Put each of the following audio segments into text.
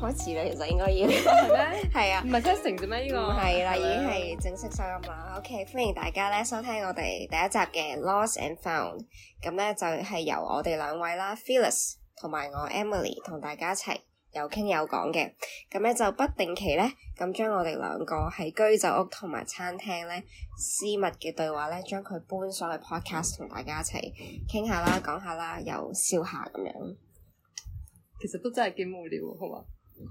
開始啦，其實應該依、這個係咩？係啊吧，唔係聽成啫咩？呢個唔係啦，已經係正式收音啦。OK，歡迎大家咧收聽我哋第一集嘅《Lost and Found》。咁咧就係由我哋兩位啦 ，Phyllis 同埋我 Emily 同大家一齊。有傾有講嘅，咁咧就不定期咧，咁將我哋兩個喺居酒屋同埋餐廳咧私密嘅對話咧，將佢搬上嚟 podcast，同大家一齊傾下啦，講下啦，又笑下咁樣。其實都真係幾無聊，好嘛？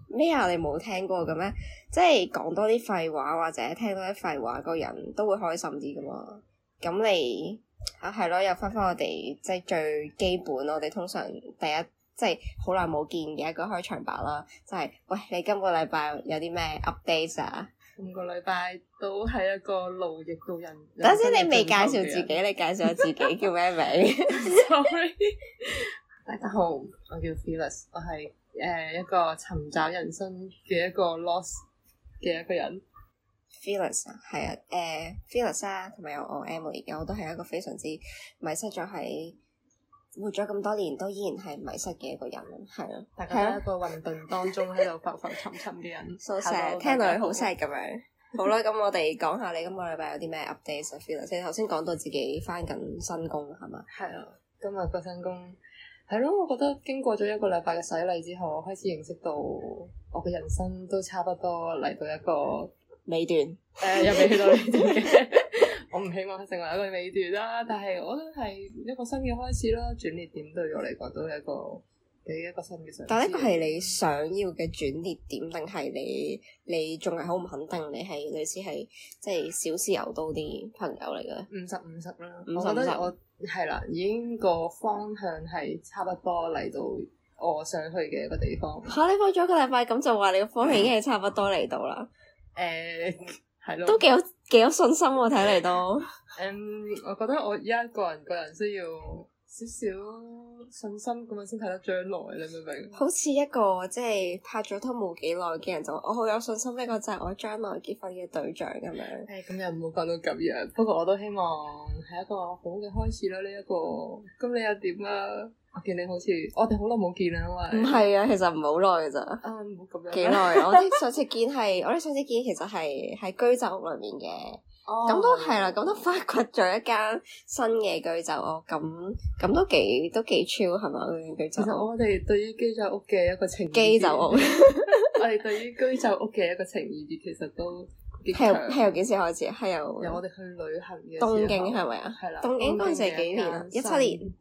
咩啊？你冇聽過嘅咩？即係講多啲廢話或者聽多啲廢話，個人都會開心啲噶嘛？咁你啊係咯，又翻翻我哋即係最基本，我哋通常第一。即係好耐冇見嘅一個開場白啦，就係、是、喂，你今個禮拜有啲咩 update 啊？今個禮拜都係一個老嘅到人。等先等，你未介紹自己， 你介紹自己 叫咩名 ？Sorry， 大家好，我叫 Phyllis，我係誒、uh, 一個尋找人生嘅一個 lost 嘅一個人。Phyllis 係啊，誒、uh, Phyllis 啊，同埋有我 Emily，而家我都係一個非常之迷失咗喺。活咗咁多年都依然係迷失嘅一個人，係、啊、大家喺一個混沌當中喺度浮浮沉沉嘅人，好正 So,，聽落去好正咁樣。好啦，咁我哋講下你今個禮拜有啲咩 update feel 頭先講到自己返緊新工係嘛？係啊，今日個新工，係咯，我覺得經過咗一個禮拜嘅洗禮之後，我開始認識到我嘅人生都差唔多嚟到一個尾段，誒、 嗯，又未去到尾段我唔希望佢成為一個尾段啦，但係我都係一個新嘅開始啦。轉捩點對我嚟講都係一個俾一個新嘅想。但呢個係你想要嘅轉捩點，定係你你仲係好唔肯定你？你係類似係即係少是、就是、小有多啲朋友嚟嘅？五十五十啦，我覺得我係啦 50 50，已經個方向係差不多嚟到我想去嘅一個地方。嚇、啊！你放咗一個禮拜咁就話你個方向已經係差不多嚟到啦？誒、 uh,，係咯，都幾好。幾有信心我睇嚟都，嗯，um, 我覺得我而家個人個人需要少少信心咁樣先睇得將來，你明唔明？好似一個即係拍咗拖冇幾耐嘅人就話，我好有信心呢個就係我將來結婚嘅對象咁樣。係咁又唔冇拍到咁樣，不過我都希望係一個好嘅開始啦。呢、這、一個咁你又點啦、啊？見你好似，我哋好耐冇見啦，因為唔係啊，其實唔係好耐嘅啫。啊，冇咁樣。幾耐啊？我哋上次見係，我哋上次見其實係喺居酒屋裏面嘅。哦。咁都係啦，咁都發掘咗一間新嘅居酒屋，咁咁都幾都幾 chill 係咪？其實我哋對於居酒屋嘅一個情，居酒屋我哋對於居酒屋嘅一個情誼其實都極長。係由幾時開始啊？係由由我哋去旅行嘅東京係咪啊？係啦，東京嗰陣時係幾年啊？一七年。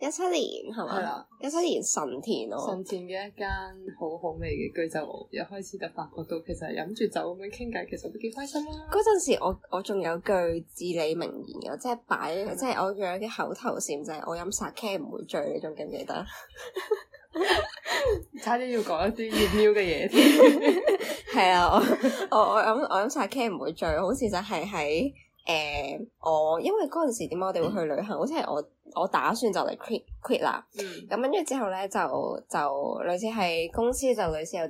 一七年係咪？係啦，一七、啊、年神田咯、哦。神田嘅一間好好味嘅居酒屋。 又開始就發覺到其實飲住酒咁樣傾偈，其實都幾開心啦、啊。嗰陣時我我仲有句至理名言嘅，即係擺，即係、啊、我仲有啲口頭禪，就係、是、我飲沙 K 唔會醉，你仲記唔記得？ 差啲要講一啲熱 m 嘅嘢添。係啊，我我我飲我飲沙 K 唔會醉，好似就係喺。誒、呃，我因為嗰陣時點解我哋會去旅行？好似係我我打算就嚟 quit quit 啦。嗯。咁跟住之後咧，就就類似係公司就類似有啲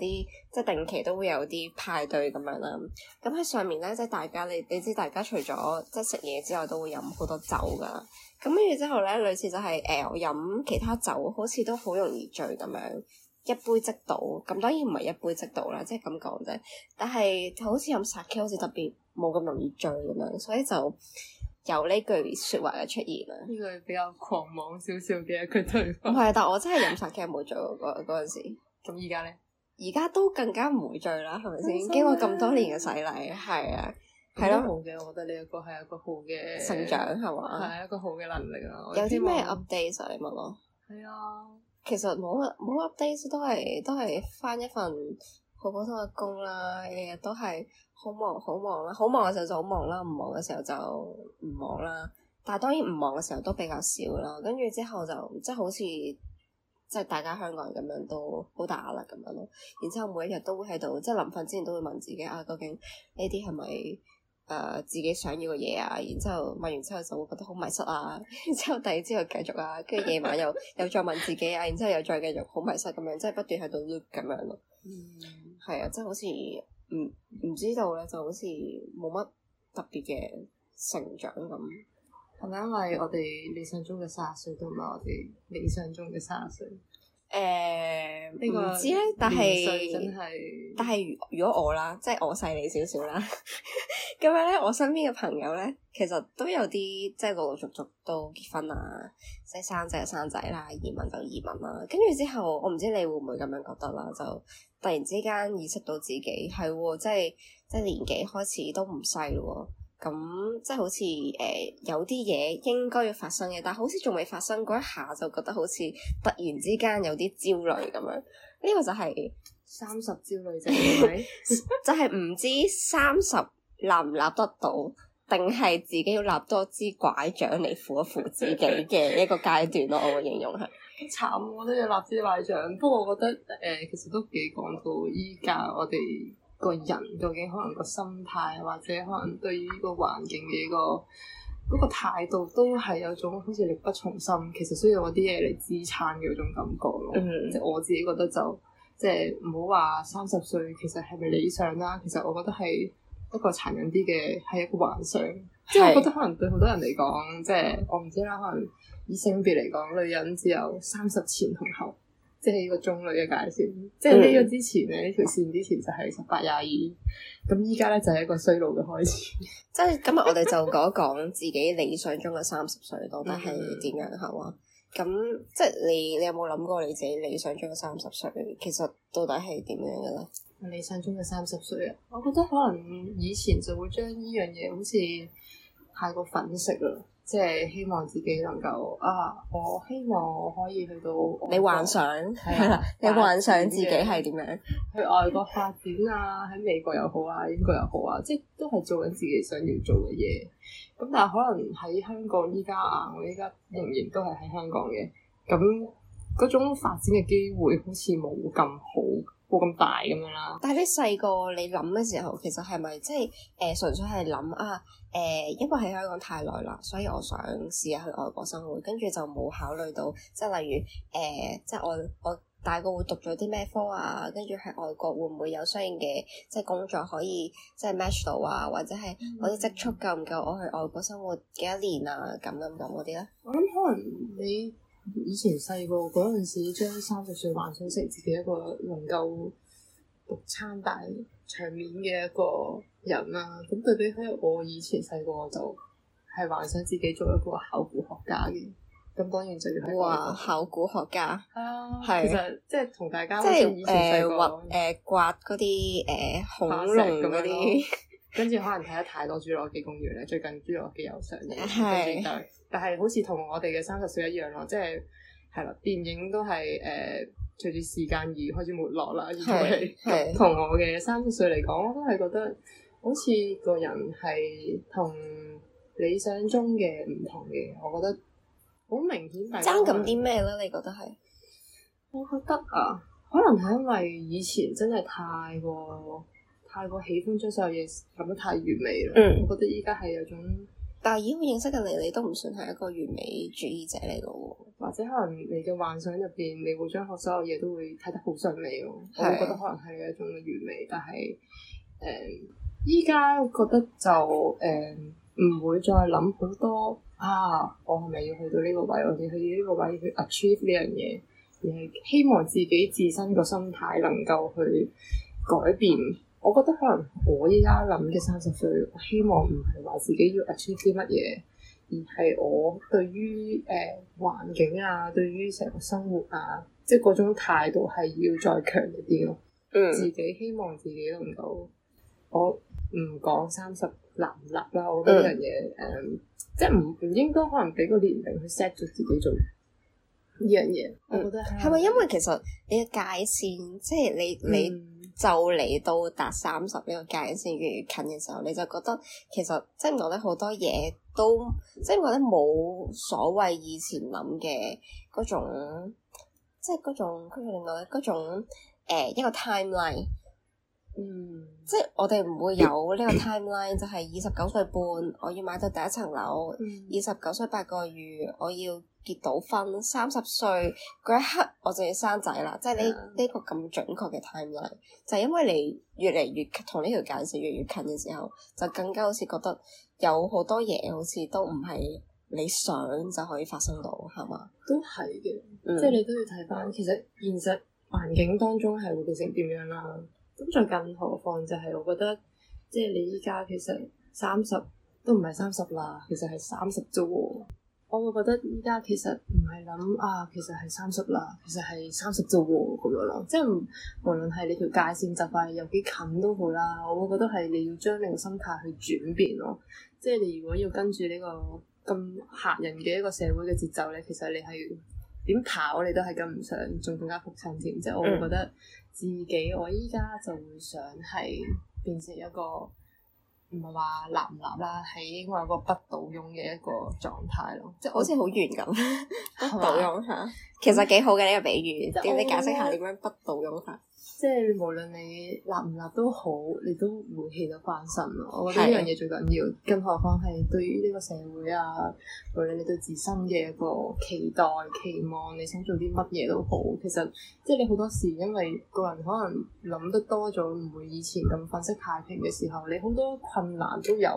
即係定期都會有啲派對咁樣啦。咁喺上面咧，即係大家你你知大家除咗即係食嘢之外，都會飲好多酒噶。咁跟住之後咧，類似就係、是、誒、欸、我飲其他酒，好似都好容易醉咁樣。一杯即倒，咁當然唔係一杯即倒啦，即係咁講啫。但係好似飲 sake，好似特別冇咁容易醉咁樣，所以就有呢句説話嘅出現啦。呢句比較狂妄少少嘅一句對話。唔係， 但我真係飲 sake 冇醉過嗰嗰陣時。咁而家咧？而家都更加唔會醉啦，係咪先？經過咁多年嘅洗禮，係啊，係咯，好嘅對，我的覺得呢一個係一個好嘅成長，係嘛？係一個好嘅能力啊！有啲咩 update 上嚟問我。係啊。其實冇冇 update，都係都係返一份好普通嘅工啦，日日都係好忙好忙啦，好忙嘅時候就好忙啦，唔忙嘅時候就唔忙啦。但係當然唔忙嘅時候都比較少啦。跟住之後就即係好似即係大家香港人咁樣都好大壓力咁樣咯。然之後每一日都會喺度，即係臨瞓之前都會問自己啊，究竟呢啲係咪？誒、呃、自己想要嘅嘢啊，然之後問完之後就會覺得好迷失啊，然之後第二朝又繼續啊，跟住夜晚又 又再問自己啊，然之後又再繼續好迷失咁樣，即係不斷喺度 loop 咁樣咯。嗯，係啊，即係好似唔唔知道咧，就好似冇乜特別嘅成長咁。係因為我哋理想中嘅卅歲都唔係我哋理想中嘅卅歲。誒，唔、呃、知咧，但係但係，如果我啦，即係我細你少少啦，咁 樣咧，我身邊嘅朋友咧，其實都有啲即係陸陸續續都結婚啦，即係生仔生仔啦，移民就移民啦，跟住之後，我唔知你會唔會咁樣覺得啦，就突然之間意識到自己係喎，即係即係年紀開始都唔細咯。咁即係好似誒、呃，有啲嘢應該要發生嘅，但係好似仲未發生嗰一下，就覺得好似突然之間有啲焦慮咁樣。呢、這個就係三十焦慮症， 就係、是、唔知三十立唔立得到，定係自己要立多支拐杖嚟扶一扶自己嘅一個階段咯。 我會形容係。好慘，我都要立支拐杖。不過我覺得誒、呃，其實都幾講到依家我哋。，個人究竟可能個心態，或者可能對於依個環境嘅依個嗰個態度，都係有種好似力不從心，其實需要嗰啲嘢嚟支撐嘅嗰種感覺咯。嗯、即係我自己覺得，就即係唔好話三十歲其實係咪理想啦？其實我覺得係一個殘忍啲嘅，係一個幻想。是即係我覺得可能對好多人嚟講，即係我唔知啦。可能以性別嚟講，女人只有三十前同後。即係個中女嘅介紹，即係呢個之前咧，呢條線之前就係十八廿二，咁依家咧就係一個衰老嘅開始。即 係今日我哋就講一講自己理想中嘅三十歲到底係點樣，嗯、好啊？咁即係你你有冇諗過你自己理想中嘅三十歲，其實到底係點樣嘅咧？理想中嘅三十歲啊，我覺得可能以前就會將呢樣嘢好似太過粉色啦。即係希望自己能夠啊！我希望我可以去到你幻想係啦， 你幻想自己係點樣？ 去外國發展啊，喺美國又好啊，英國又好啊，即係都係做緊自己想要做嘅嘢。咁但係可能喺香港依家啊，我依家仍然都係喺香港嘅。咁嗰種發展嘅機會好似冇咁好。冇咁大咁樣啦，但係你細個你諗嘅時候，其實係咪即係誒純粹係諗啊？誒、呃，因為喺香港太耐啦，所以我想試下去外國生活，跟住就冇考慮到，即係例如誒、呃，即係我我大個會讀咗啲咩科啊，跟住喺外國會唔會有相應嘅即係工作可以即係 match 到啊，或者係、嗯、我啲積蓄夠唔夠我去外國生活幾多年啊咁咁講嗰啲咧。我諗可能你。以前細個嗰陣時，時將三十歲幻想成自己一個能夠獨撐大場面嘅一個人啦、啊。咁對比起我以前細個，就係、是、幻想自己做一個考古學家嘅。咁當然就要。哇！考古學家。係啊。係是。其實即係同大家。即係是誒、呃、挖誒、呃、刮嗰啲誒恐龍嗰啲。呃跟住可能睇得太多侏羅紀公園咧，最近侏羅紀有上映，但係好似同我哋嘅三十歲一樣咯，即係係咯，電影都係誒、呃、隨住時間而開始沒落啦，而係同我嘅三十歲嚟講，我都係覺得好似個人係同理想中嘅唔同嘅，我覺得好明顯爭緊啲咩咧？你覺得係？我覺得啊，可能係因為以前真係太過。太過喜歡將所有嘢諗得太完美咯。嗯，我覺得依家係有種，但係如果認識嘅你，你都唔算係一個完美主義者嚟嘅喎。或者可能你嘅幻想入邊，你會將學所有嘢都會睇得好完利咯。的我覺得可能係一種完美，但係誒，依、嗯、家我覺得就誒唔、嗯、會再諗好多啊！我係咪要去到呢個位？我哋去到呢個位去 achieve 呢樣嘢？而係希望自己自身個心態能夠去改變。我覺得可能我依家諗嘅三十歲，我希望唔係話自己要 achieve 啲乜嘢，而係我對於誒、呃、環境啊，對於成個生活啊，即係嗰種態度係要再強烈啲咯。嗯，自己希望自己諗到，我唔講三十立唔立啦。我覺得呢樣嘢誒，即係唔唔應該可能俾個年齡去 set 咗自己做呢樣嘢。嗯、我覺得係咪因為其實你嘅界線，即係你你？你嗯你就嚟到達三十呢個界線越越近嘅時候，你就覺得其實即係我覺得好多嘢都即係我覺得，冇所謂以前諗嘅嗰種，即係嗰種跟住另外嗰種誒、呃、一個 timeline。嗯，即係我哋唔會有呢個 timeline， 就係二十九歲半我要買到第一層樓，二十九歲八個月我要結到婚，三十歲嗰一刻我就要生仔啦。嗯、即係呢呢個咁準確嘅 timeline，就係因為你越嚟越同呢條界線越嚟越近嘅時候，就更加好似覺得有好多嘢好似都唔係你想就可以發生到，係嘛、嗯？都係嘅，嗯、即係你都要睇翻，其實現實環境當中係會變成點樣啦。咁再更何況就係我覺得，即係你依家其實三十都唔係三十啦，其實係三十啫喎。我會覺得依家其實唔係諗啊，其實係三十啦，其實係三十啫喎咁樣咯。即係無論係你條界線習慣有幾近都好啦，我會覺得係你要將你個心態去轉變咯。即係你如果要跟住呢個咁嚇人嘅一個社會嘅節奏咧，其實你係點跑你都係跟唔上，仲更加撲親添。即係我覺得。嗯自己我依家就會想係變成一個唔係話立唔立啦，係應該有個不倒翁嘅一個狀態咯，即、就、係、是、好似好圓咁， 不倒翁吓。吧其實幾好嘅呢、這個比喻，點解 解釋下點樣、嗯、不倒翁法？即係無論你立唔立都好，你都唔會起到翻身咯。我覺得呢樣嘢最緊要，的更何況係對於呢個社會啊，無論你對自身嘅一個期待、期望，你想做啲乜嘢都好，其實即係你好多時因為個人可能諗得多咗，唔會以前咁憤色太平嘅時候，你好多困難都有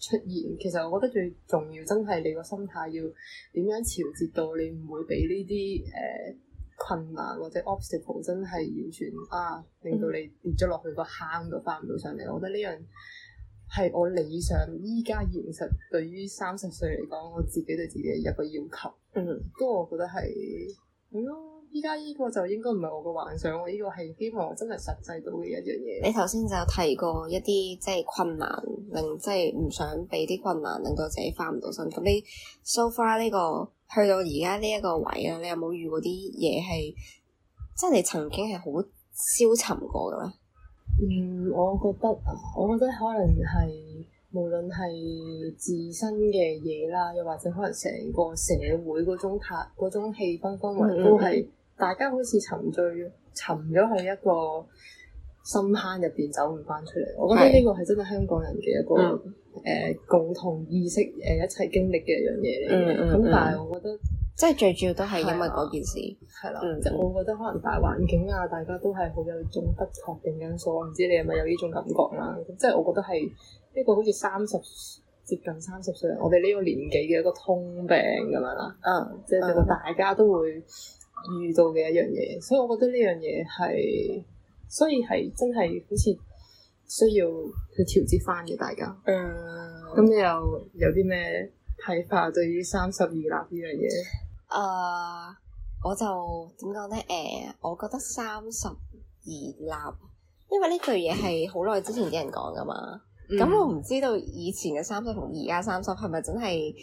出現。其實我覺得最重要，真要，真係你個心態要點樣調節到，你唔會俾呢啲誒。困難或者 obstacle 真係完全啊，令到你跌咗落去個坑都翻唔到上嚟。嗯、我覺得呢樣係我理想，依家現實對於三十歲嚟講，我自己對自己嘅一個要求。嗯，不過我覺得係係咯。嗯依家呢個就應該唔係我嘅幻想喎，呢個係希望我真係實際到嘅一樣嘢。你頭先就提過一啲即係困難，令即係唔想俾啲困難令到自己翻唔到身。咁你 so far 呢個去到而家呢一個位啊，你有冇遇過啲嘢係，即係你曾經係好消沉過嘅咧？嗯，我覺得我覺得可能係無論係自身嘅嘢啦，又或者可能成個社會嗰種塔嗰種氣氛氛圍都係。大家好似沉醉，沉咗喺一個深坑入邊走唔翻出嚟。我覺得呢個係真係香港人嘅一個誒、嗯呃、共同意識，誒、呃、一齊經歷嘅一樣嘢嚟。咁但係我覺得，即係最主要都係因為嗰件事係啦。即係、啊啊嗯、我覺得可能大環境啊，大家都係好有種不確定因素。我唔知你係咪有呢種感覺啦、啊？即係我覺得係一、這個好似三十接近三十歲，我哋呢個年紀嘅一個通病咁樣啦。嗯嗯、即係大家都會。嗯嗯遇到嘅一樣嘢，所以我覺得呢樣嘢係，所以係真係好似需要去調節返嘅大家。呃、嗯，咁你又有啲咩睇法對於三十二立呢樣嘢？誒、呃，我就點講咧？誒、呃，我覺得三十二立，因為呢句嘢係好耐之前啲人講噶嘛。咁、嗯、我唔知道以前嘅三十同而家三十係咪真係？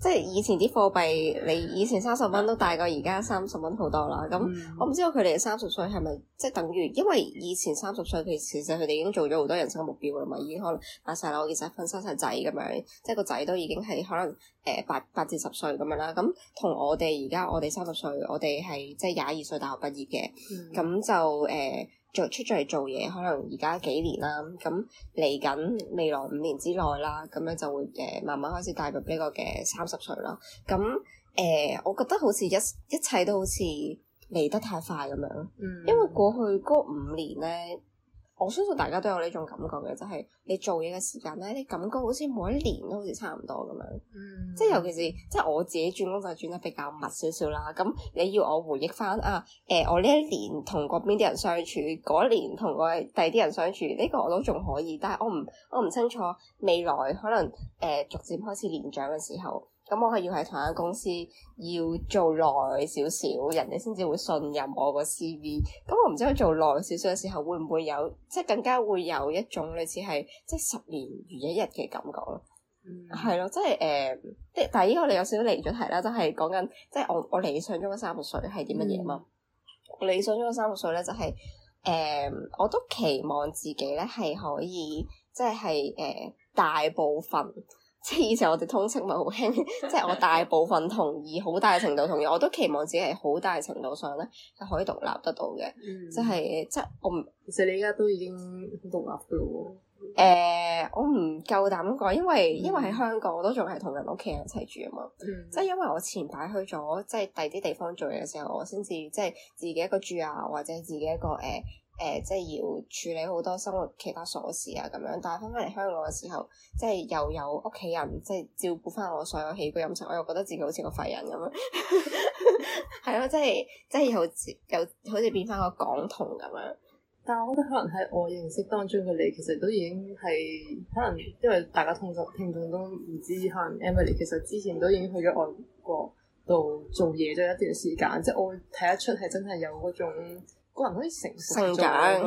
即係以前啲貨幣，你以前三十蚊都大過而家三十蚊好多啦。咁我唔知道佢哋三十歲係咪即係等於，因為以前三十歲，其其實佢哋已經做咗好多人生目標啦嘛，已經可能買曬樓、結曬婚、生曬仔咁樣，即係個仔都已經係可能誒八八至十歲咁樣啦。咁同我哋而家我哋三十歲，我哋係即係廿二歲大學畢業嘅，咁、嗯、就誒。呃就出咗嚟做嘢，可能而家幾年啦，咁嚟緊未來五年之內啦，咁樣就會誒慢慢開始踏入呢個嘅三十歲啦。咁誒、呃，我覺得好似一一切都好似嚟得太快咁樣，嗯、因為過去嗰五年咧。我相信大家都有呢種感覺嘅，就係、係、你做嘢嘅時間咧，你感覺好似每一年都好似差唔多咁樣，嗯、即係尤其是即係我自己轉工就轉得比較密少少啦。咁你要我回憶翻啊，誒、呃，我呢一年同嗰邊啲人相處，嗰一年同我第啲人相處，呢、呢個我都仲可以，但係我唔我唔清楚未來可能誒、呃、逐漸開始年長嘅時候。咁我係要喺同一間公司要做耐少少，人哋先至會信任我個 CV。咁我唔知佢做耐少少嘅時候，會唔會有即係更加會有一種類似係即係十年如一日嘅感覺咯。係咯、嗯，即係誒、嗯就是，即係但係依個我哋有少少離咗題啦，就係講緊即係我我理想中嘅三十歲係啲乜嘢啊嘛？嗯、我理想中嘅三十歲咧，就係、是、誒、嗯，我都期望自己咧係可以即係係誒大部分。即係以前我哋通識咪好興，即 係我大部分同意，好 大程度同意，我都期望自己係好大程度上咧係可以獨立得到嘅，即係即係我唔。其實你而家都已經獨立嘅咯。誒、呃，我唔夠膽講，因為、嗯、因為喺香港我都仲係同人屋企人一齊住啊嘛。即係、嗯、因為我前排去咗即係第二啲地方做嘢嘅時候，我先至即係自己一個住啊，或者自己一個誒。呃誒、呃，即係要處理好多生活其他瑣事啊，咁樣。但係翻翻嚟香港嘅時候，即係又有屋企人，即係照顧翻我所有起居飲食，我又覺得自己好似個廢人咁樣。係 咯、 哎，即係即係又又好似變翻個港童咁樣。但係我覺得可能喺我認識當中佢哋其實都已經係可能因為大家通集聽眾都唔知可能 Emily，其實之前都已經去咗外國度做嘢咗一段時間，即係我睇得出係真係有嗰種。個人可以成長，係啊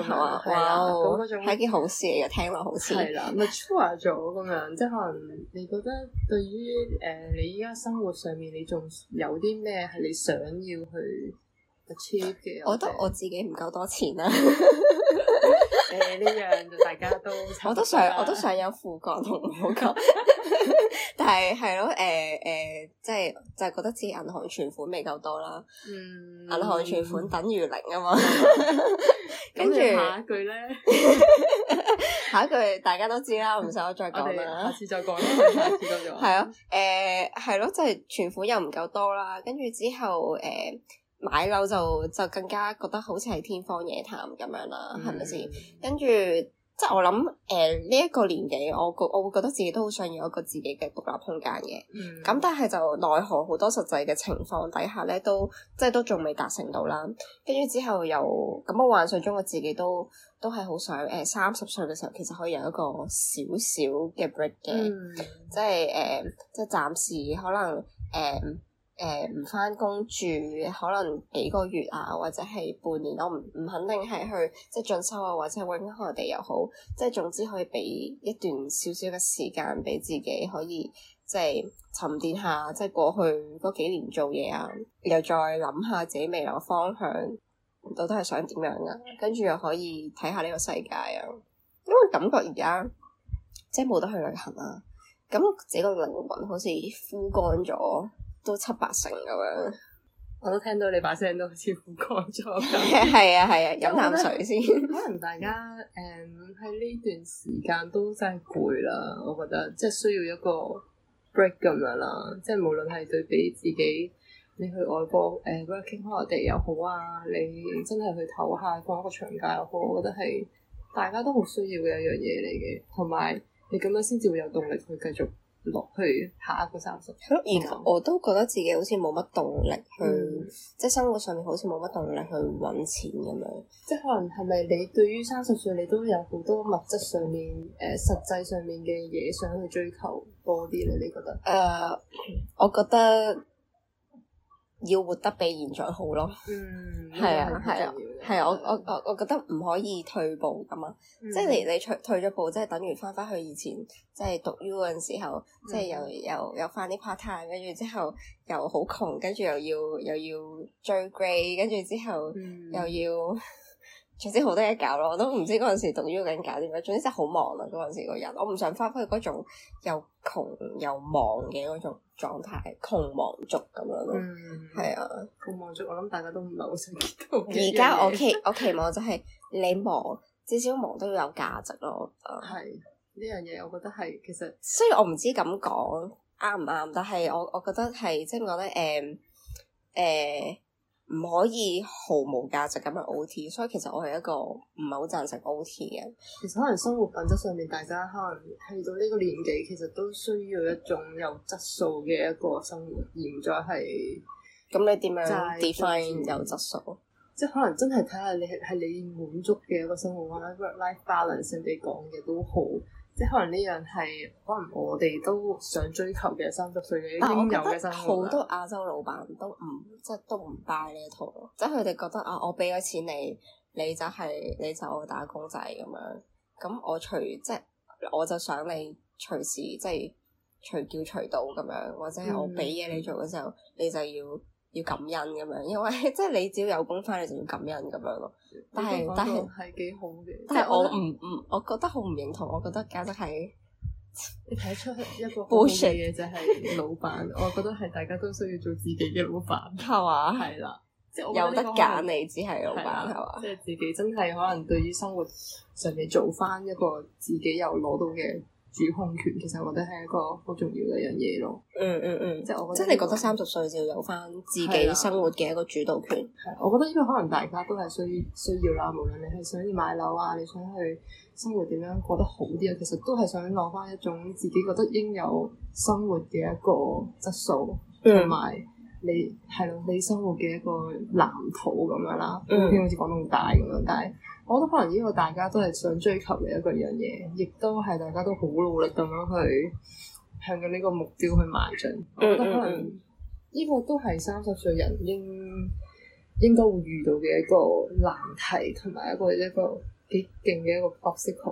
格，係啊樣，咁都仲係一件好事嚟嘅，聽落好似。係啦了，咪 achieve 咗咁樣， 即係可能你覺得對於誒、呃，你依家生活上面你仲有啲咩係你想要去 achieve 嘅？我覺得我自己唔夠多錢啦、啊。誒、 呃，呢樣就大家都， 我都想，我都想有富哥同我講。 但係係咯，誒誒，即、呃、係、呃、就係、是就是、覺得自己銀行存款未夠多啦，銀、嗯、行存款等於零啊嘛，跟住下一句咧， 下一句大家都知啦，唔使我再講啦， 下次再講啦，下次都係咯，誒係咯，即係存款又唔夠多啦，跟住之後誒、呃、買樓就就更加覺得好似係天方夜譚咁樣啦，係咪先？跟住。 即係我諗，誒、呃、呢一個年紀，我覺我會覺得自己都好想要一個自己嘅獨立空間嘅。咁、嗯、但係就奈何好多實際嘅情況底下咧，都即係都仲未達成到啦。跟住之後又咁，我幻想中我自己都都係好想，誒三十歲嘅時候，其實可以有一個小小嘅 break 嘅，嗯、呃，即係誒，即係暫時可能誒。呃誒唔翻工住可能幾個月啊，或者係半年，我唔唔肯定係去即係進修啊，或者係揾外地又好，即係總之可以俾一段少少嘅時間俾自己，可以即係沉澱下，即係過去嗰幾年做嘢啊，又再諗下自己未來嘅方向到底係想點樣啊，跟住又可以睇下呢個世界啊，因為感覺而家即係冇得去旅行啦、啊，咁自己個靈魂好似枯乾咗。都七八成咁樣， 我都聽到你把聲都好似唔乾咗咁。係啊係啊，飲啖、啊啊、水先。可能大家誒喺呢段時間都真係攰啦，我覺得即係需要一個 break 咁樣啦。即係無論係對比自己，你去外國誒、呃、working holiday 又好啊，你真係去唞下過一個長假又好，我覺得係大家都好需要嘅一樣嘢嚟嘅。同埋你咁樣先至會有動力去繼續。落去下一個三十歲咯，然後我都覺得自己好似冇乜動力去，嗯、即係生活上面好似冇乜動力去揾錢咁樣。即係可能係咪你對於三十歲你都有好多物質上面誒、呃、實際上面嘅嘢想去追求多啲咧？你覺得？誒、呃，我覺得。要活得比現在好咯，係、嗯、啊係、嗯、啊係、啊、我我我我覺得唔可以退步㗎嘛，嗯、即係你你退退咗步，即係等於返返去以前，即係讀 U 嗰陣時候，即係又、嗯、又又，又返啲 part time，跟住之後又好窮，跟住又要又要追 grade，跟住之後又要。嗯 總之好多嘢搞咯，我都唔知嗰陣時讀咗緊搞啲咩。總之真係好忙啊！嗰陣時個人，我唔想返返去嗰種又窮又忙嘅嗰種狀態，窮忙族咁樣咯。係、嗯嗯、啊，窮忙族，我諗大家都唔係好想見到。而家我期我期望就係你忙，至少忙都要有價值咯。係，呢樣嘢，我覺得係其實雖然我唔知咁講啱唔啱，但係我我覺得係即係點講咧？誒、就、誒、是。嗯嗯唔可以毫無價值咁樣 OT，所以其實我係一個唔係好贊成 OT 嘅。其實可能生活品質上面，大家可能去到呢個年紀其實都需要一種有質素嘅一個生活。現在係，咁你點樣 define 是有質素？即係可能真係睇下你係係你滿足嘅一個生活啊，work life balance 你講嘅都好。即係可能呢樣係可能我哋都想追求嘅三十歲嘅應有嘅生活啦。但係我覺得好多亞洲老闆都唔即係都唔 buy 呢一套，即係佢哋覺得啊，我俾咗錢你，你就係、係、你就我打工仔咁樣。咁我隨即我就想你隨時即係隨叫隨到咁樣，或者係我俾嘢你,你做嘅時候，嗯、你就要。要感恩咁樣，因為即係你只要有工返，你就要感恩咁樣咯。但係但係係幾好嘅，但係我唔唔，我覺得好唔認同。我覺得搞得係，你睇出一個好嘅嘢就係老闆 我覺得係大家都需要做自己嘅老闆。係嘛，係啦， 即係有得揀，你只，只係老闆係嘛，即係自己真係可能對於生活上面做翻一個自己又攞到嘅。主控權其實我、嗯嗯嗯、我覺得係、這、一個好重要嘅一樣嘢咯。嗯嗯嗯，即係我真係覺得三十歲就要有翻自己生活嘅一個主導權。係、嗯，我覺得呢個可能大家都係需需要啦。無論你係想要買樓啊，你想去生活點樣過得好啲啊，其實都係想攞翻一種自己覺得應有生活嘅一個質素同埋。你係咯，你生活嘅一個藍圖咁樣啦，好似講到咁大咁樣，嗯、但係我覺得可能呢個大家都係想追求嘅一個樣嘢，亦都係大家都好努力咁樣去向緊呢個目標去邁進。嗯、我覺得可能呢個都係三十歲人應應該會遇到嘅一個難題，同埋一個一個幾勁嘅一個 objective。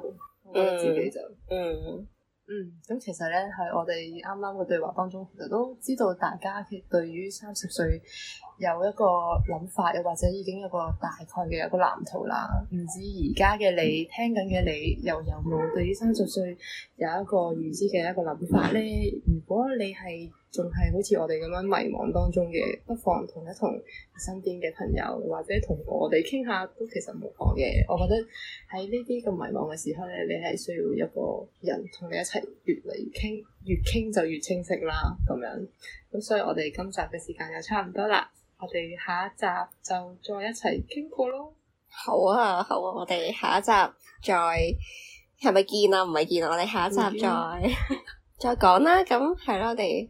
個 girl, 嗯、我覺得自己就嗯。嗯嗯，咁其實咧喺我哋啱啱嘅對話當中，其實都知道大家嘅對於三十歲有一個諗法，又或者已經有個大概嘅一個藍圖啦。唔知而家嘅你，聽緊嘅你，又有冇對於三十歲有一個預知嘅一個諗法呢？如果你係，仲係好似我哋咁樣迷茫當中嘅，不妨同一同身邊嘅朋友，或者同我哋傾下都其實冇錯嘅。我覺得喺呢啲咁迷茫嘅時候咧，你係需要一個人同你一齊越嚟越傾，越傾就越清晰啦。咁樣咁，所以我哋今集嘅時間就差唔多啦。我哋下一集就再一齊傾過咯。好啊，好啊，我哋下一集再係咪見啊？唔係見啊！我哋下一集再再講啦。咁係咯，我哋。